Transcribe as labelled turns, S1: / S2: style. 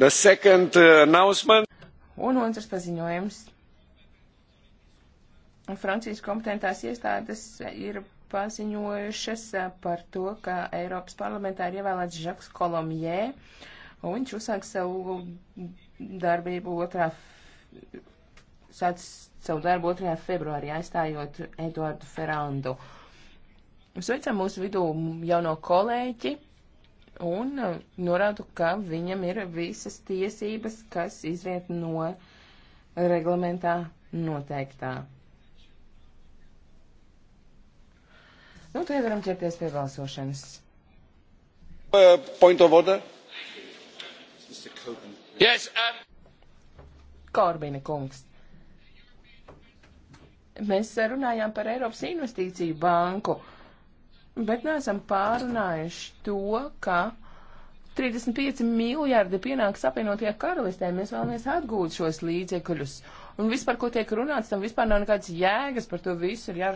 S1: The second uh, announcement.
S2: Un otrs paziņojums. Francijas kompetentās iestādes ir paziņojušas uh, par to, ka Eiropas parlamentā ir ievēlēts Žaks Kolomjē, un viņš uzsāks savu darbību otrā, sāc savu darbu 2. februārī, aizstājot Eduardu Ferrandu. Sveicam mūsu vidū jauno kolēģi un uh, norādu, ka viņam ir visas tiesības, kas izriet no reglamentā noteiktā. Nu, tagad varam ķerties pie balsošanas.
S1: Uh, point of order.
S2: Yes, um... Korbina kungs. Mēs runājām par Eiropas investīciju banku. Uh, bet neesam pārunājuši to, ka 35 miljardi pienāks apvienotajā karalistē. Mēs vēlamies atgūt šos līdzekļus. Un vispār, ko tiek runāts, tam vispār nav nekādas jēgas par to visu. Ir jā,